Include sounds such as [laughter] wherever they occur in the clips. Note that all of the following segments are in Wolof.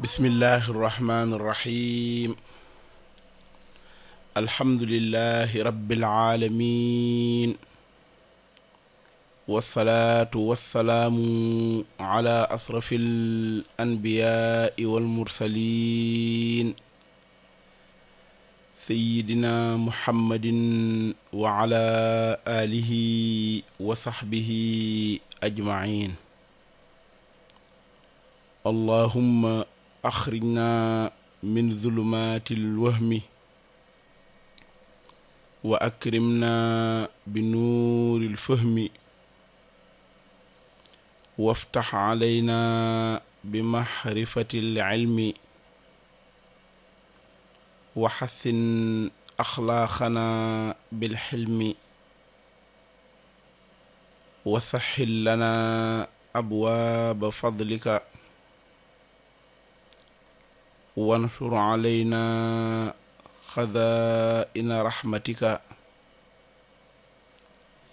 bismillahi irrahmani irrahim alhamdulilahi rabilaalamin walsalaatu walsalaamu ala asrafi alanbiyaai walmursalin sayidina muhammadin wa ala alihi wa saxbihi ajmain allahumma axrijna min zulumaati lwahmi wa akrimna bi nuuri lfahmi waftax alayna bi maxrifati lcilmi wa xassin axlaaqana bilxilmi wa saxil lana abwaaba fadlika wanshur alayna xadaa'ina raxmatika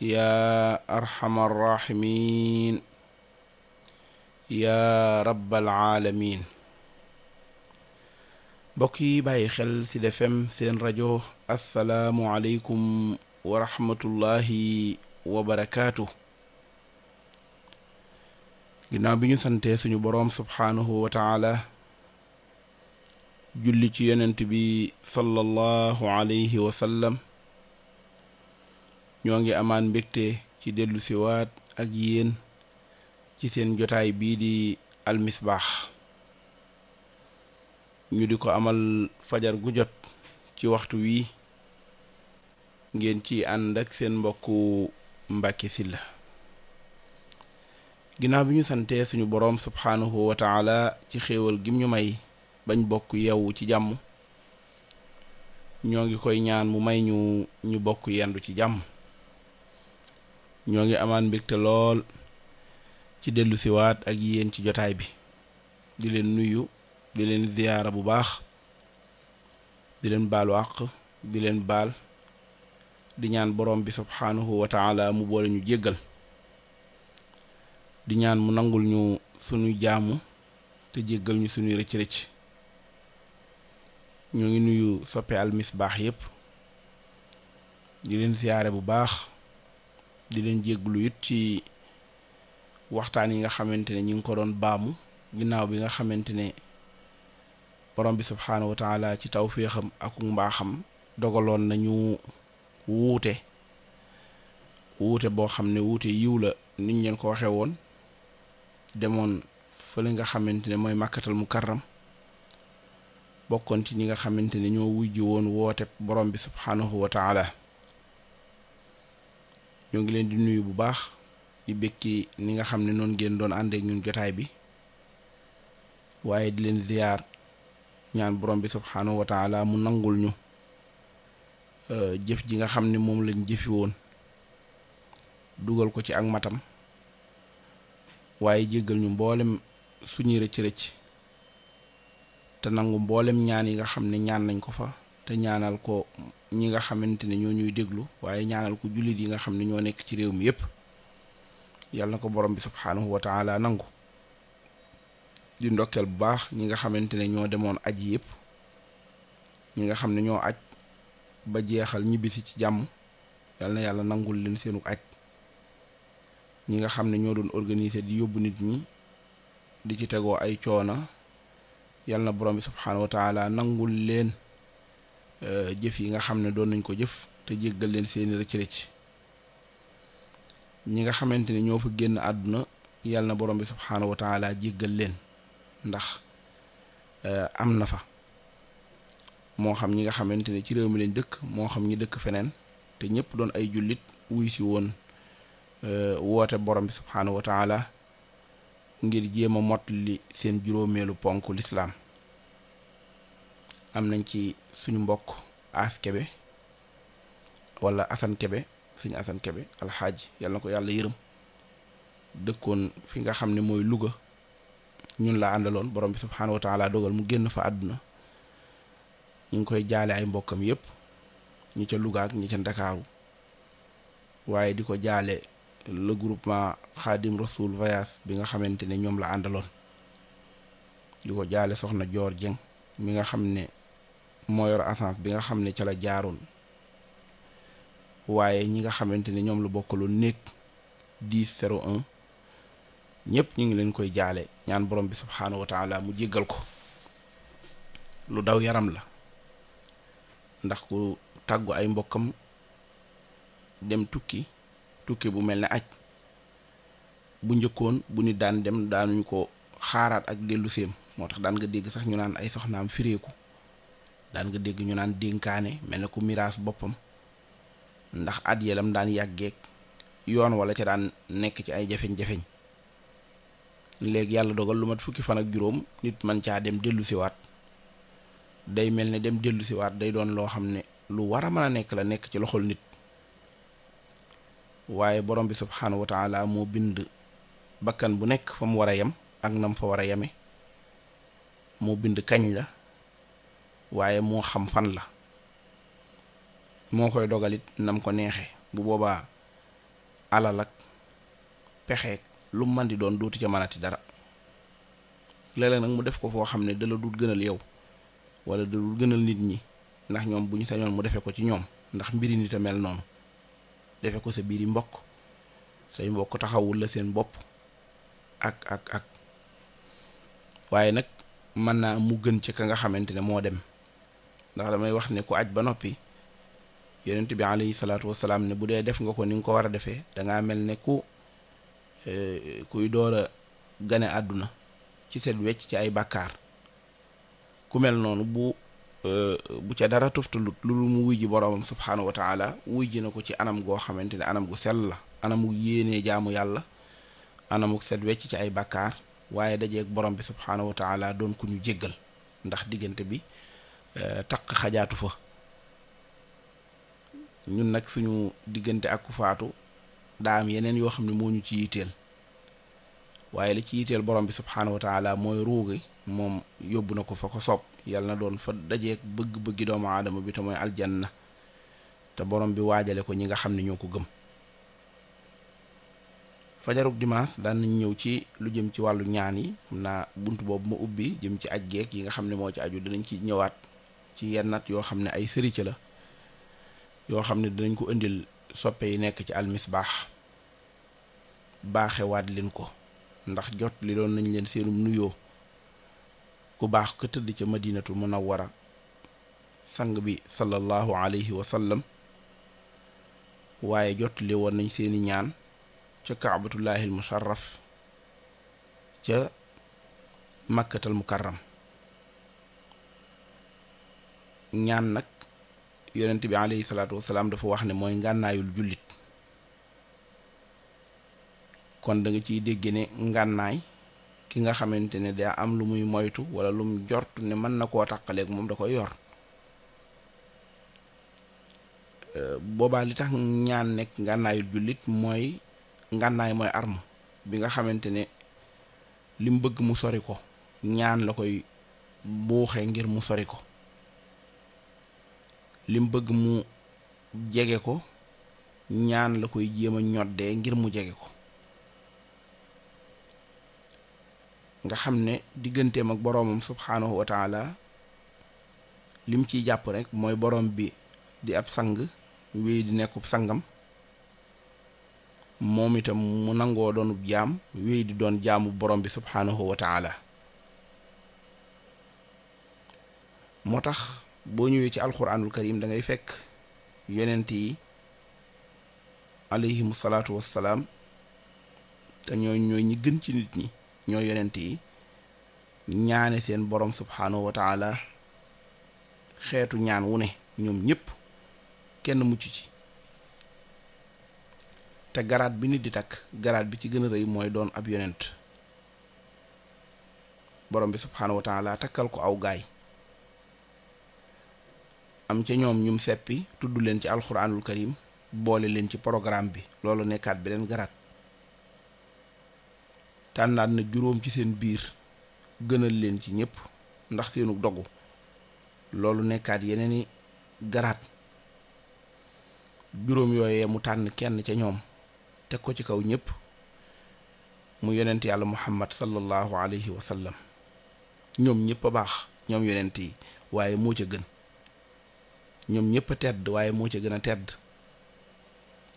yaa arxama arraximin yaa rabbal aalamiin mbokk yi bàyyi xel ci Sud seen rajo assalaamu aleykum wa rahmatullahi wa ginnaaw bi ñu santee suñu borom subhaanahu wa julli ci yonent bi sallallahu alayhi wa sallam ñoo ngi amaan mbégte ci dellu siwaat ak yéen ci seen jotaay bii di almisbaax ñu di ko amal fajar gu jot ci waxtu wii ngeen ci ànd ak seen mbokku Mbàkke Sylla ginnaaw bi ñu santee suñu boroom subhaanahu wa ci xéewal gi ñu may bañ bokk yeewu ci jàmm ñoo ngi koy ñaan mu may ñu ñu bokk yendu ci jàmm ñoo ngi amaan mbégte lool ci dellusiwaat siwaat ak yéen ci jotaay bi di leen nuyu di leen ziyaara bu baax di leen baalu di leen baal di ñaan borom bi subhaanahu wa mu boole ñu jéggal di ñaan mu nangul ñu suñu jaamu te jéggal ñu suñuy rëcc-rëcc ñoo ngi nuyu soppe Al Misbah yépp di leen siyaare bu baax di leen jégglu it ci waxtaan yi nga xamante ne ñu ngi ko doon baamu ginnaaw bi nga xamante ne borom bi subhaanahu wa taala ci tawféexam ak mbaaxam dogaloon nañu wuute wuute boo xam ne wuute yiw la niñ leen ko waxee woon demoon fële nga xamante ne mooy màkkatal mukarram bokkoon ci ñi nga xamante ne ñoo wujj woon wootet borom bi subhaanahu wa taala ñoo ngi leen di nuyu bu baax di bég ni nga xam ne noonu ngeen doon àndeek ñun jotaay bi waaye di leen ziyaar ñaan borom bi subhaanahu wa mu nangul ñu euh, jëf ji nga xam ne moom lañ jëfi woon dugal ko ci ak matam waaye jéggal ñu mboolem suñuy rëcc-rëcc te nangu mboolem ñaan yi nga xam ne ñaan nañ ko fa te ñaanal ko ñi nga xamante ne ñoo ñuy déglu waaye ñaanal ko jullit yi nga xam ne ñoo nekk ci réew mi yépp yàlla na ko borom bi subhaanahu wa taala nangu di ndokkeel bu baax ñi nga xamante ne ñoo demoon aj yépp ñi nga xam ne ñoo aj ba jeexal ñibbisi ci jàmm yàlla na yàlla nangul leen seenu aj ñi nga xam ne ñoo doon organiser di yóbbu nit ñi di ci tegoo ay coona yal na borom bi subhaanahu wa taala nangul leen euh, jëf yi nga xam ne doon nañ ko jëf te jéggal leen seeni rëcc-rëcc ñi nga xamante ne ñoo fa génn àdduna yal na borom bi subhaanahu wa jéggal leen ndax euh, am na fa moo xam ñi nga xamante ne ci réew mi leen dëkk moo xam ñi dëkk feneen te ñëpp doon ay jullit wuy si woon euh, woote borom bi subhaanahu wa ngir jéem a li seen juróomeelu ponk lislaam am nañ ci suñu mbokk aas kebe wala asan kebe suñu asan kebe alxaaji yàlla na ko yàlla yërëm dëkkoon fi nga xam ne mooy Louga ñun laa àndaloon borom bi subhaanahu wa dogal mu génn fa àdduna ñu ngi koy jaale ay mbokkam yépp ñi ca Louga ak ñi ca Ndakaaru waaye di ko jaale le groupement Khadim Rasoul voyage bi nga xamante ne ñoom la àndaloon di ko jaale soxna Joor Jeng mi nga xam ne moo yor assance bi nga xam ne ca la jaaroon waaye ñi nga xamante ne ñoom la bokkaloon nekk 10 01 ñëpp ñu ngi leen koy jaale ñaan borom bi subhaanahu wa mu jéggal ko lu daw yaram la ndax ku tàggu ay mbokkam dem tukki tukki bu mel ni aj bu njëkkoon bu nit daan dem daanuñu ko xaaraat ak dellu séem moo tax daan nga dégg sax ñu naan ay soxnaam fireeku daan nga dégg ñu naan dénkaane mel ni ku miraas boppam ndax at yelam daan yàggeeg yoon wala ca daan nekk ci ay jafeñ-jafeñ léegi yàlla dogal lu mat fukki fan ak juróom nit man caa dem dellusiwaat day mel ni dem dellu siwaat day doon loo xam ne lu war a mën a nekk la nekk ci loxol nit waaye borom bi subxanahu wa taala moo bind bakkan bu nekk fa mu war a yem ak nam fa war a yeme moo bind kañ la waaye moo xam fan la moo koy dogalit nam ko neexe bu boobaa alal ak pexeek lu man di doon dootu ca mënati dara léeg nag mu def ko foo xam ne dala dut gënal yow wala da dut gënal nit ñi ndax ñoom bu ñu sañoon mu defee ko ci ñoom ndax mbiri nit a mel noonu defe ko sa biir yi mbokk say mbokk taxawul la seen bopp ak ak ak waaye nag mën naa mu gën ci ka nga xamante ne moo dem ndax damay wax ne ku aj ba noppi yonent bi alayhi salaatu wasalaam ne bu dee def nga ko ni nga ko war a defee dangaa mel ne ku eh, kuy door a gane àdduna ci seen wecc ci ay bàkkaar ku mel noonu bu Euh, bu ca dara tuftalut loolu mu wuy ji boroomam subhaanahu wa wuy ji na ko ci anam goo xamante ne anam gu sell la anamu yéene jaamu yàlla anamu set wecc ci ay bàkkaar waaye dajeeg borom bi subhaanahu wa doon ku ñu jéggal ndax diggante bi euh, taq xajaatu fa ñun nag suñu diggante ak ku faatu daa am yeneen yoo xam ne moo ñu ci yitteel waaye li ci yiteel borom bi subhaanahu wa mooy ruugi moom yóbbu na ko fa ko soob yàlla na doon fa dajeek bëgg-bëggi doomu aadama bi te mooy na te borom bi waajale ko ñi nga xam ne ñoo ko gëm fajaruk dimanche daan nañ ñëw ci lu jëm ci wàllu ñaan yi naa bunt boobu ma ubbi jëm ci aj geek yi nga xam ne moo ci aju dinañ ci ñëwaat ci yennat yoo xam ne ay sërica la yoo xam ne dinañ ko indil soppe yi nekk ci almisbaax baaxewaat leen ko ndax jot li doon nañ leen seenum nuyoo ku baax ko tëdd ca madinatul munawwara sang bi sallallahu alayhi wa waaye jotle woon nañ seeni ñaan ca kaabatullaahil musharraf ca makkatal mukarram ñaan nag yonent bi alayhi salaatu wasalaam dafa wax ne mooy ngànnaayul jullit kon danga nga ciy dégg ne ngànnaay ki nga xamante ne daa am lu muy moytu wala lum jort ne mën na koo tàqaleeg moom da koy yor euh, boobaa li tax ñaan nekk ngànnaayul jullit mooy ngànnaay mooy arme bi nga xamante ne lim bëgg mu sori ko ñaan la koy buuxee ngir mu sori ko lim bëgg mu jege ko ñaan la koy jéem a ñoddee ngir mu jege ko nga xam ne digganteem ak boroomam subhaanahu wa taala lim ciy jàpp rek mooy boroom bi di ab sang wéy di nekkub sangam moom itam mu nangoo doonub jaam wéy di doon jaamu boroom bi subhaanahu wa taala moo tax boo ñëwee ci alquranul karim da ngay fekk yonent yi alayhimu salaatu wassalaam te ñooñ ñooy ñi gën ci nit ñi ñoo yonent yi ñaane seen borom subhaanahu wa xeetu ñaan wu ne ñoom ñëpp kenn mucc ci te garaat bi nit di takk garaat bi ci gën a rëy mooy doon ab yonent boroom bi subhaanahu wa taala takkal ko aw gaay am ca ñoom ñum seppi tudd leen ci alxuraanul karim boole leen ci programme bi loolu nekkaat beneen garaat tànnaat na juróom ci seen biir gënal leen ci ñëpp ndax seenu dogu loolu nekkaat yeneen yeneeni garaat juróom yooyee mu tànn kenn ca ñoom teg ko ci kaw ñépp mu yonent yàlla muhammad sallallahu alayhi wa sallam ñoom ñëpp a baax ñoom yonent yi waaye moo ca gën ñoom ñëpp a tedd waaye moo ca gën a tedd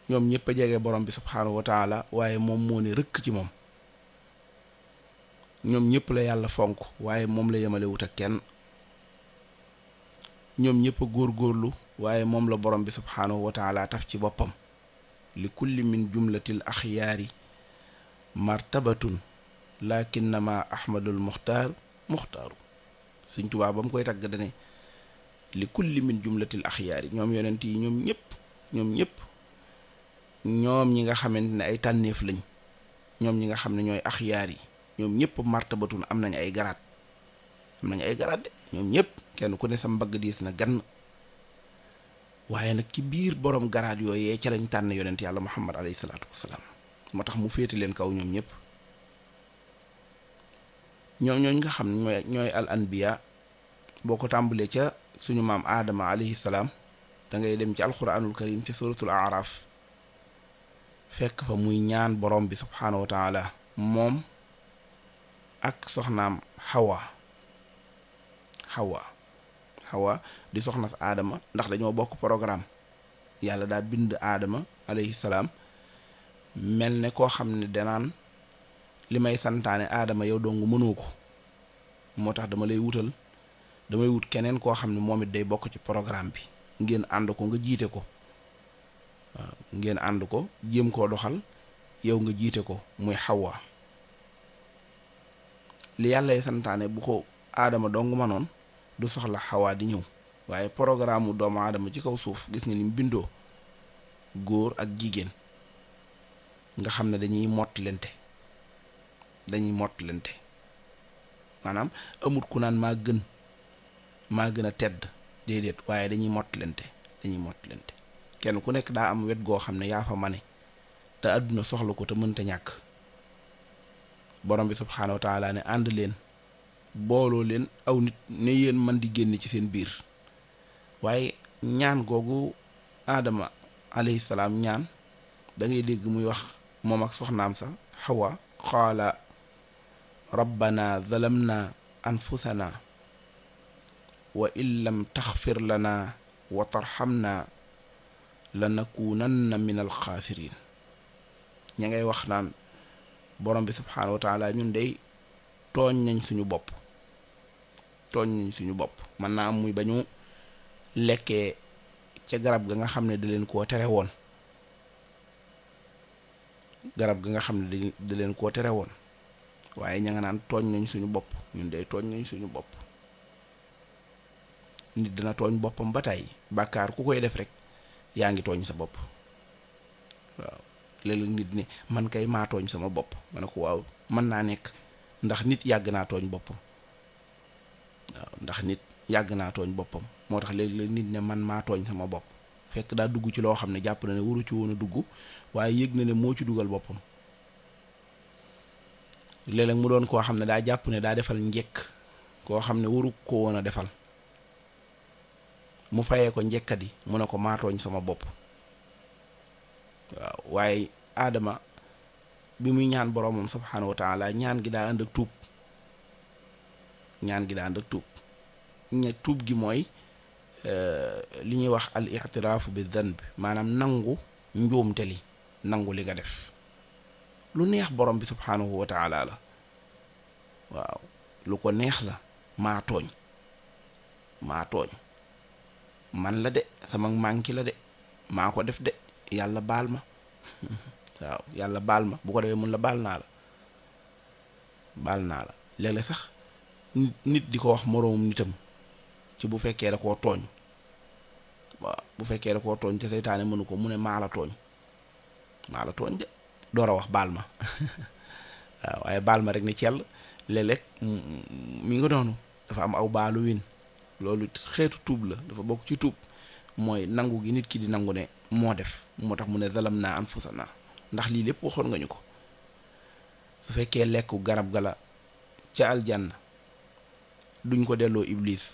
ñoom ñëpp a jege borom bi subhaanahu wa waaye moom moo ne rëkk ci moom ñoom ñëpp la yàlla fonk waaye moom la yemale wut kenn ñoom ñëpp a góorgóorlu waaye moom la borom bi subhaanahu wa taala taf ci boppam li kulli min jumlatil axyaari martabatun lakinnama ahmadul muxtaar muxtaaru suñ tubaa ba mu koy tàgg dane li kulli min yi ñoom yonent yi ñoom ñëpp ñoom ñëpp ñoom ñi nga xamante ne ay tànneef lañ ñoom ñi nga xam ne ñooy axyaar yi ñoom ñëpp martabatun am nañ ay garaat am nañ ay garaat de ñoom ñëpp kenn ku ne sa mbagg diis na gann waaye nag ci biir borom garaat yooyee ca lañ tànn yonent yàlla muhammad alayhi salaatu wasalaam moo tax mu féete leen kaw ñoom ñëpp ñoom ñooñ nga xam ne ñooy ñooy al anbiya boo ko tàmbalee ca suñu maam aadama alayhi salaam da dem ci alquranul karim ci suratul araf fekk fa muy ñaan boroom bi subhaanahu wa moom ak soxnaam Hawa Hawa Hawa di soxna si Adama ndax dañoo bokk programme yàlla daa bind aadama alayhi salaam mel ne koo xam ne danaan li may santaane Adama yow dong mënoo ko moo tax dama lay wutal damay wut keneen koo xam ne moom it day bokk ci programme bi ngeen ànd ko nga jiite ko waaw ngeen ànd ko jéem koo doxal yow nga jiite ko muy xawwa li yàllay santaane bu ko aadama dong manoon du soxla xawaa di ñëw waaye programme mu doomu aadama ci kaw suuf gis nga ni mu bindoo góor ak jigéen nga xam ne dañuy mottalante dañuy mottalante maanaam amut ku naan maa gën a tedd déedéet waaye dañuy mottalante dañuy mottalante kenn ku nekk daa am wet goo xam ne yaa fa ne te àdduna soxla ko te mënta ñàkk borom bi subxanahu wa taala ne ànd leen booloo leen aw nit ne yéen man di génn ci seen biir waaye ñaan googu aadama alayhi salaam ñaan dangay ngay dégg muy wax moom ak soxnaam sa xawa qaala rabbana zalamna anfusana wa in lam taxfir lana wa tarxamna lanakunanna min alxaasirin ña ngay wax naan borom bi subhaanahu wa ñun day tooñ nañ suñu bopp tooñ nañ suñu bopp man naa am muy ba ñu lekkee ca garab ga nga xam ne da leen koo tere woon garab ga nga xam ne da leen koo tere woon waaye ña nga naan tooñ nañ suñu bopp ñun day tooñ nañ suñu bopp nit dina tooñ boppam ba tey bàkkaar ku koy def rek yaa ngi tooñ sa bopp waaw léeg nit ni man kay maatooñ sama bopp ma ne ko waaw mën naa nekk ndax nit yàgg naa tooñ boppam waaw ndax nit yàgg naa tooñ boppam moo tax léeg nit ne man maatooñ tooñ sama bopp fekk daa dugg ci loo xam ne jàpp na ne waru ci woon a dugg waaye yëg na ne moo ci dugal boppam léeg mu doon koo xam ne daa jàpp ne daa defal njëkk koo xam ne waru ko woon a defal mu fayee ko njëkkadi mu ne ko maatooñ sama bopp waaye aadama bi muy ñaan boroomam subhaanahu wa taala ñaan gi daa ànd ak tuub ñaan gi daa ànd ak tuub ña tuub gi mooy euh, li ñuy wax al itiraafu bi danb maanaam nangu njuumte li nangu li nga def lu neex borom bi subhaanahu wa la waaw lu ko neex la maa tooñ maa tooñ man la de sama manki la de maa ko def de yàlla baal ma waaw yàlla baal ma bu ko defee mën la baal naa la baal naa la léeg sax nit nit di ko wax moroomum nitam ci bu fekkee da tooñ waaw bu fekkee da koo tooñ te seytaane mënu ko mu ne maa la tooñ maa la tooñ de door a wax baal ma [laughs] waaw waaye baal ma rek ni cell léeg-léeg mm, mi nga noonu dafa am aw baalu win loolu xeetu tuub la dafa bokk ci tuub mooy nangu gi nit ki di nangu ne moo def moo tax mu ne zalam naa naa ndax lii lépp waxoon nga ñu ko su fekkee lekku garab ga la ca aljanna duñ ko delloo iblis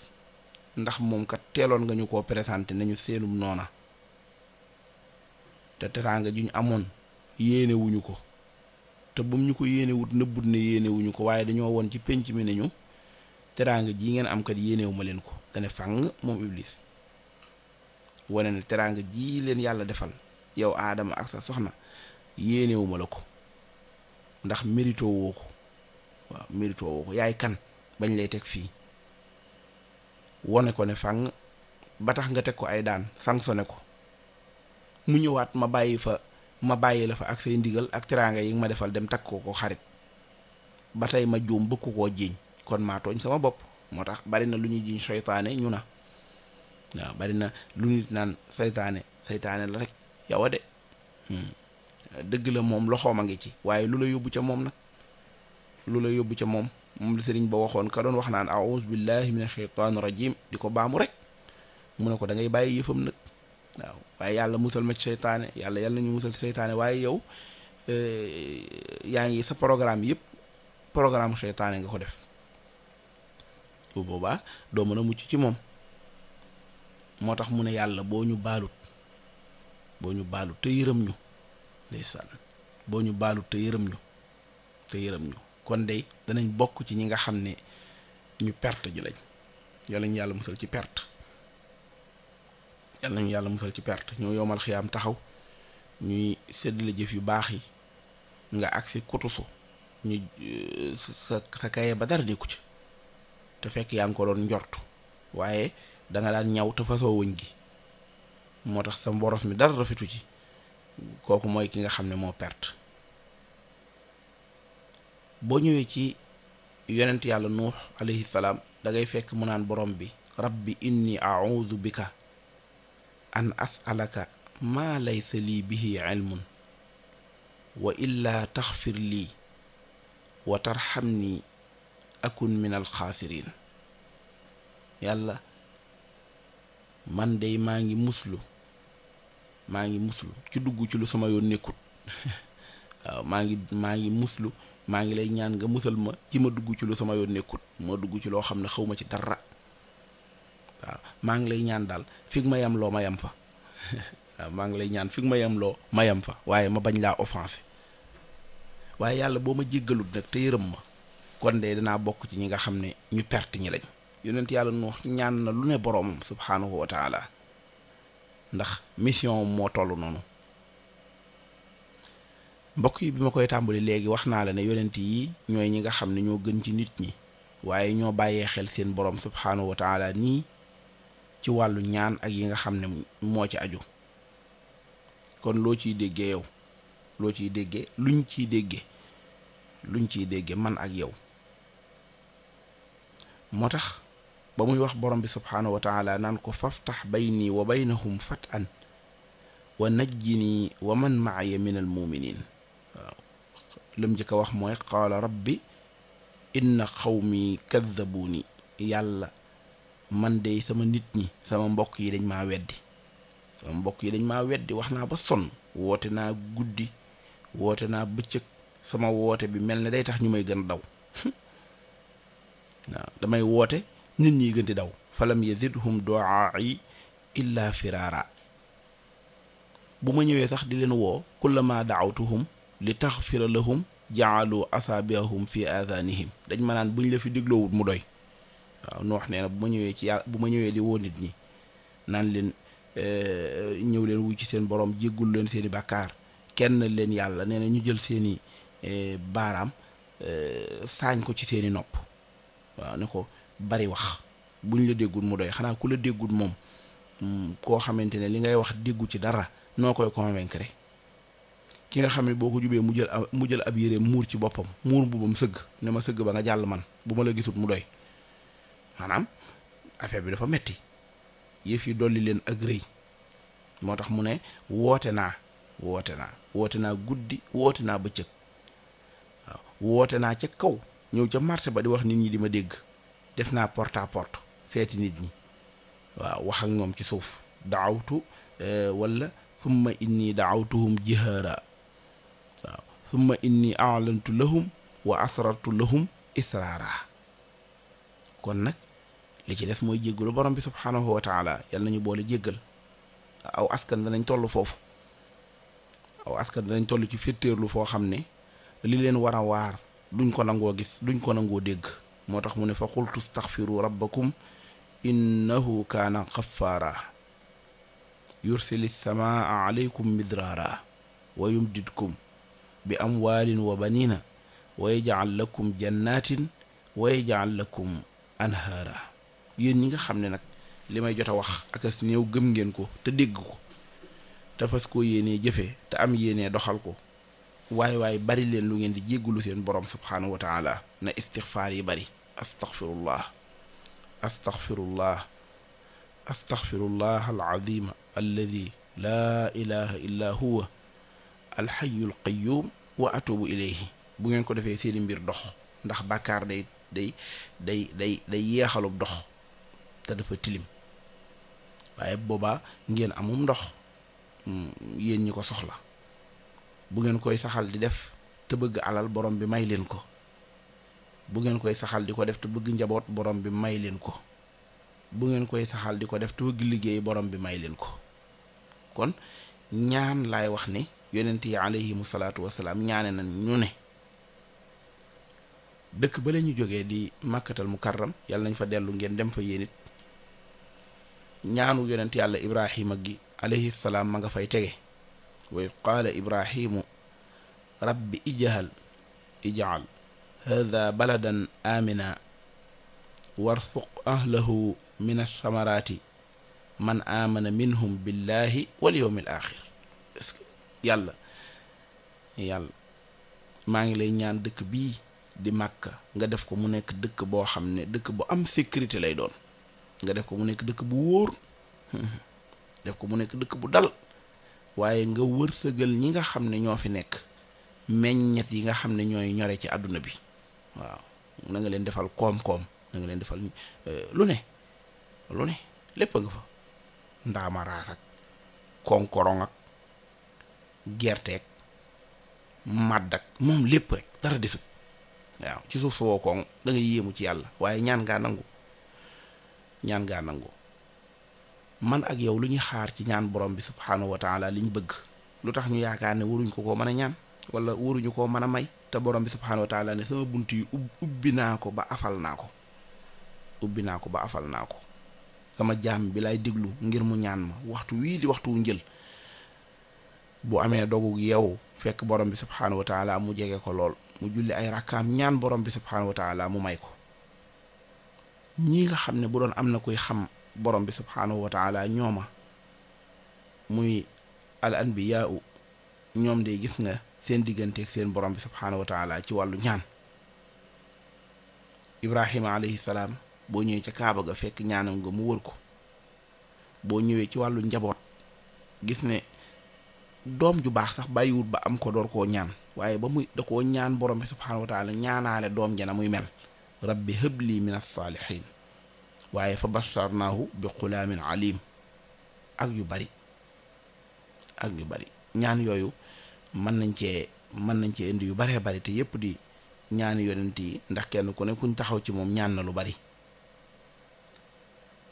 ndax moom kat teeloon nga ñu koo présenté nañu seenum noona te teraanga ñu amoon yéene ko te bum ñu ko yéene wut nëbbut ne yéene wuñu ko waaye dañoo woon ci penc mi ne ñu teraanga ji ngeen am kat yéenewu ma leen ko dane fàng moom iblis wane ne teraanga jii leen yàlla defal yow aadama ak sa soxna yéenewuma la ko ndax mérito woo ko waaw mérito woo ko yaay kan bañ lay teg fii wane ko ne fàng ba tax nga teg ko ay daan sanctionné ko mu ñëwaat ma bàyyi fa ma bàyyi la fa ak say ndigal ak teraanga yi ma defal dem takk ko ko xarit ba tey ma juum bëgg koo jiiñ kon maa tooñ sama bopp moo tax bari na lu ñuy jiiñ soytaane ñu na waaw bari na lu nit naan seytaane saytaane la rek yow de hmm. dëgg la moom loxoom a ngi ci waaye lu la yóbbu ca moom nag lu la yóbbu ca moom moom la sëriñ ba waxoon ka doon wax naan aouzu billahi min ashaytaani rajim di ko baamu rek mu ne ko da ngay bàyyi yëfam nag waaw waaye yàlla musal ma ci seytaane yàlla yàlla ñu musal seytaane waaye yow eh, yaa ngi sa programme yëpp programme seytaane nga ko def bu doo mën a mucc ci moom moo tax mu ne yàlla boo ñu baalut boo ñu baalut te yërëm ñu ndeysaan boo ñu baalut te yërëm ñu yërëm ñu kon de danañ bokk ci ñi nga xam ne ñu perte ji lañ yàlla nañu yàlla musal ci perte yal nañu yàlla musal ci perte ñoo yomal xiyaam taxaw ñuy séddale jëf yu baax yi nga agsi kutusu ñu euh, sa sa kaye ba dara nekku ci te fekk yaa ngi ko doon njort waaye danga nga daan ñaw te fasoo wëñ gi moo tax sa boros mi dara rafetu ci kooku mooy ki nga xam ne moo perte boo ñëwee ci yonent yàlla nuux alayhi salaam da fekk mu naan borom bi rabbi inni audu bika an asalaka maa laysa lii bihi ilmun wa illaa taxfir lii wa tarxam nii akun min alxaasiriin yàlla man de maa ngi muslu maa ngi muslu ci dugg ci lu sama yoon nekkut [laughs] waaw maa ngi maa ngi muslu maa ngi lay ñaan nga musal ma ci ma dugg ci lu sama yoon nekkut ma dugg ci loo xam ne xaw ma ci dara waaw maa ngi lay ñaan daal fi ma yam loo ma yam fa [laughs] maa ngi lay ñaan fi ma yam loo ma fa waaye ma bañ laa offensé waaye yàlla boo ma jéggalut nag te yërëm ma kon de danaa bokk ci ñi nga xam ne ñu perte ñi yonent yàlla Nuux ñaan na lu ne boroomam subhaanahu wa taala ndax mission moo toll noonu mbokk yi bi ma koy tàmbali léegi wax naa la ne yonent yi ñooy ñi nga xam ne ñoo gën ci nit ñi waaye ñoo bàyyee xel seen boroom subhaanahu wa nii ci wàllu ñaan ak yi nga xam ne moo ci aju kon loo ciy déggee yow loo ciy déggee luñ ciy déggee luñ ciy déggee man ak yow moo tax ba muy wax borom bi subhaanahu wa taala naan ko faftax bayni wa baynahum fat an wa nii wa man maaya min al muminin waaw lam njëkk a wax mooy qaala rabbi inna xawmi kaddabuuni yàlla man de sama nit ñi sama mbokk yi dañ maa weddi sama mbokk yi dañ maa weddi wax naa ba sonn woote naa guddi woote naa bëccëg sama woote bi mel ne day tax ñu may gën a daw [laughs] damay woote nit ñi gën di daw falam yazidhum duaai illa firaara bu ma ñëwee sax di leen woo kullama daawtuhum li taxfira lahum jaalu asaabiyahum fi aadaanihim dañ ma naan buñ la fi digloowut mu doy waaw nu wax nee na bu ma ñëwee ci yàlla bu ma ñëwee di woo nit ñi naan leen eh, ñëw leen wuy ci seen boroom jéggul leen seeni bàkkaar kenn leen yàlla nee na ñu jël seeni eh, baaraam eh, saañ ko ci seeni nopp waaw ne ko bari wax buñ la déggut mu doy xanaa ku la déggul moom hmm, koo xamante ne li ngay wax déggu ci dara noo koy convaincre ki nga xam ne boo ko jubee mu jël mu jël ab yére muur ci boppam muur bubam sëgg ne ma sëgg ba nga jàll man bu ma la gisut mu doy maanaam affaire bi dafa metti yëf yi dolli leen ak rëy moo tax mu ne woote naa woote naa woote naa guddi woote naa bëccëg waaw woote naa ca kaw ñëw ca marché ba di wax nit ñi di ma dégg def naa porte porte seeti nit ñi waaw wax ak ñoom ci suuf daawtu euh, wala summa inni daawtuhum jihaara waaw summa inni aalantu lahum wa asrartu lahum israara kon nag li ci des mooy jéggalu borom bi subhaanahu wa taala yal nañu boole jéggal aw askan danañ toll foofu aw askan danañ toll ci féttéerlu foo xam ne li leen war a waar duñ ko nangoo gis duñ ko nangoo dégg moo tax mu ne fa qultu staxfiru rabbakum innahu kaana xaffaara yursili samaa alaykum midraara wa yumdidkum bi amwaalin wa banina wa yajcal lakum jannatin wa lakum anhaara yéen ñi nga xam ne nag li may jot a wax akas néew gëm ngeen ko te dégg ko te fas koo yéenee jëfee te am yéenee doxal ko waay waaye bari leen lu ngeen di jéggulu seen borom subhaanahu wa na istixfaar yi bari astaghfirullah astaghfirullah astaghfirullah alazima alladi laa ilaha huwa alxayu alqayum wa atubu ilayhi bu ngeen ko defee seeni mbir dox ndax bàkkaar day day day day day yeexalub dox te dafa tilim waaye boobaa ngeen amum ndox hmm, yéen ñi ko soxla bu ngeen koy saxal di def te bëgg alal borom bi may leen ko bu ngeen koy saxaal di ko def te bëgg njaboot borom bi may leen ko bu ngeen koy saxaal di ko def te bëgg liggéey borom bi may leen ko kon ñaan laay wax ni yonent yi alayhimu salaatu wasalaam ñaane nañ ñu ne dëkk ba la ñu jógee di màkkatal mukarram yàlla nañ fa dellu ngeen dem fa yéen ñaanu yonent yàlla ibrahima gi alayhi salaam ma nga fay tege way qaala ibrahimu rabbi ijahal ijaal hada baladan amina warsuq ahlahu min alsamaraati man amana minhum billahi wal yawmi al yàlla yàlla maa ngi lay ñaan dëkk bii di màkka nga def ko mu nekk dëkk boo xam ne dëkk bu am sécurité lay doon nga def ko mu nekk dëkk bu wóor [laughs] def ko mu nekk dëkk bu dal waaye nga wërsëgal ñi nga xam ne ñoo fi nekk meññet yi nga xam ne ñooy ñore ci àdduna bi waaw na nga leen defal koom-koom na leen defal euh, lu ne lu ne lépp a nga fa ndaama raas ak konkoroŋ ak màdd ak moom lépp rek dara desut waaw ci suuf soo koŋ da nga yéemu ci yàlla waaye ñaan ngaa nangu ñaan ngaa nangu man ak yow lu ñuy xaar ci ñaan borom bi subhaanahu wa taala liñ bëgg lu tax ñu yaakaar ne waruñ ko koo mën a ñaan wala waruñu koo mën a may te borom bi subxanahu wa ne sama bunt yi ubbi naa ko ba afal naa ko ubbi naa ko ba afal naa ko sama jaam bi lay déglu ngir mu ñaan ma waxtu wii di waxtu wu njël bu amee dogu yow fekk borom bi subxanahu wa mu jege ko lool mu julli ay rakkaam ñaan borom bi subxanahu wa mu may ko ñii nga xam ne bu doon am na kuy xam borom bi subxanahu wa ñoo ma muy al anbiyaa ñoom de gis nga. seen digganteeg seen borom bi subhaanahu wa ci wàllu ñaan ibrahima alayhi salaam boo ñëwee ca kaaba ga fekk ñaanam nga mu wër ko boo ñëwee ci wàllu njaboot gis ne doom ju baax sax bàyyiwut ba am ko door koo ñaan waaye ba muy da koo ñaan boroom bi subhaanahu wa taala ñaanaale doom jana muy mel rabbi lii min alsaalihin waaye fa basharnaahu bi xulaamin alim ak yu bari ak yu bari ñaan yooyu mën nañ cee mën nañ cee indi yu baree bari te yépp di ñaani yonent yi ndax kenn ku nekkuñ taxaw ci moom ñaan na lu bari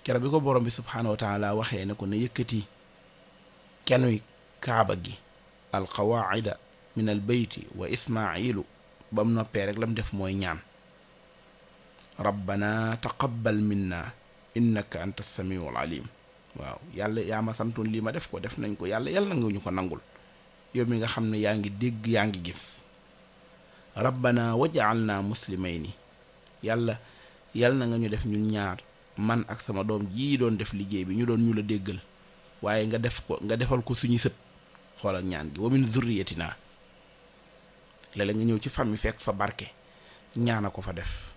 kere bi ko borom bi subhaanahu wa taala waxee ne ko ne yëkkati kenuy kaaba gi alqawaacida min al beyti wa ismailu bam noppee rek lam def mooy ñaan rabbana taqabbal minna innaka anta samiul alim waaw yàlla yaa ma santoon lii ma def ko def nañ ko yàlla yàlla nangu ñu ko nangul yow mi nga xam ne yaa ngi dégg yaa ngi gis rabbana waj'alna muslimayni yàlla yàlla na nga ñu def ñun ñaar man ak sama doom jii doon def liggéey bi ñu doon ñu a déggal waaye nga def ko nga defal ko suñu sët xoolal ñaan gi wa min zurriyatina léeg nga ñëw ci famille fekk fa barke ñaana ko fa def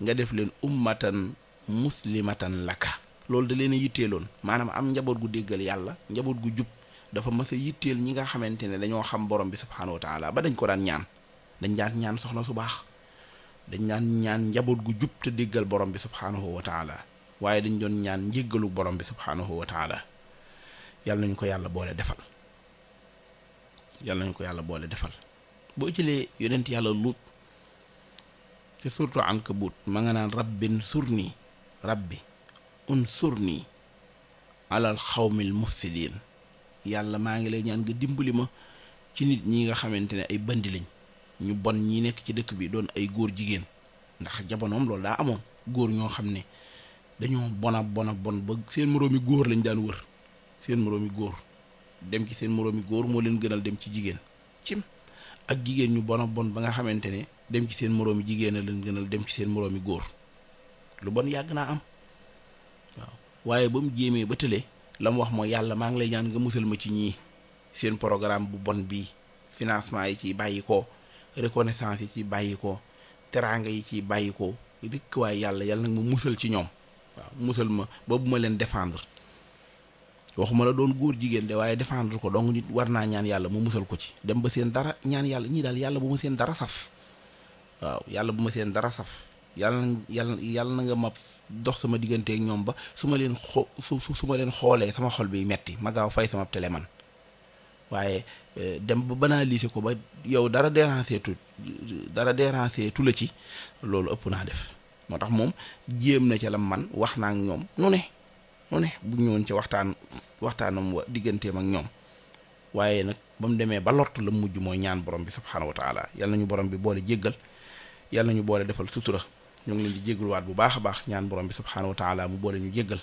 nga def leen ummatan muslimatan laka loolu da leen a yitteeloon maanaam am njaboot gu déggal yàlla njaboot gu jub dafa mës a yitteel ñi nga xamante ne dañoo xam borom bi subhaanahu wa taala ba dañ ko daan ñaan dañ daan ñaan soxna su baax dañ daan ñaan njaboot gu jub te diggal borom bi subhaanahu wa taala waaye dañ doon ñaan njéggalu borom bi subhaanahu wa taala yàlla nañ ko yàlla boole defal yàlla nañ ko yàlla boole defal boo jëlee yonent yàlla luut ci surtout ankabut ma nga naan rabbin surni rabbi unsurni alal xawmil mufsidin yàlla maa ngi lay ñaan nga dimbali ma ci nit ñi nga xamante ne ay bandi lañ ñu bon ñi nekk ci dëkk bi doon ay góor jigéen ndax jabonoom loolu daa amoon góor ñoo xam ne dañoo bona bona bon ba seen moroomi góor lañ daan wër seen moroomi góor dem ci seen moroomi góor moo leen gënal dem ci jigéen cim ak jigéen ñu bona bon ba nga xamante ne dem ci seen moroomi jigéen a leen gënal dem ci seen moroomi góor lu bon yàgg naa am waaye ba mu jéemee ba tëlee la mu wax moo yàlla maa ngi lay ñaan nga musal ma ci ñii seen programme bu bon bi financement yi ci bàyyi ko reconnaissance yi ci bàyyi ko teraanga yi ci bàyyi ko rikk waaye yàlla yàlla nag ma musal ci ñoom waaw musal ma ba ma leen défendre waxuma la doon góor jigéen de waaye defendre ko donc nit war naa ñaan yàlla mu musal ko ci dem ba seen dara ñaan yàlla ñii daal yàlla bu ma seen dara saf waaw yàlla bu ma seen dara saf yàlla yàlla yàlla na nga ma dox sama diggante ak ñoom ba su ma leen xoo su su ma leen xoolee sama xol bi metti ma gaaw fay sama télé man waaye euh, dem ba banaliser ko ba yow dara déranger dara déranger la ci loolu ëpp naa def moo tax moom jéem na ca la man wax naa ak ñoom nu ne nu ne bu ñëwoon ca waxtaan waxtaanam wa digganteem ak ñoom waaye nag ba mu demee ba lott la mujj mooy ñaan borom bi subxanahu wa taala na ñu borom bi boole jéggal yal na ñu boole defal sutura. ñoo leen di jéggaluwaat bu baax a baax ñaan borom bi subhaanahu wa taala mu boole ñu jéggal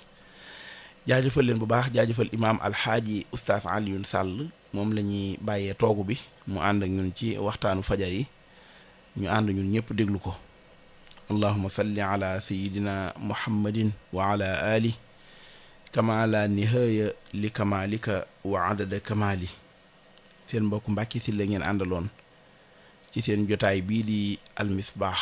jaajëfal leen bu baax jaajëfal imaam alxaaji oustaz Alioune Sall moom la bàyyee toogu bi mu ànd ak ñun ci waxtaanu fajar yi ñu ànd ñëpp déglu ko allahuma salli ala sayidina muhammadin wa ala ali kama la nihaaya li kamalika wa adada kamali seen mbokk Mbàkke Sylla ngeen àndaloon ci seen jotaay bii di almisbaax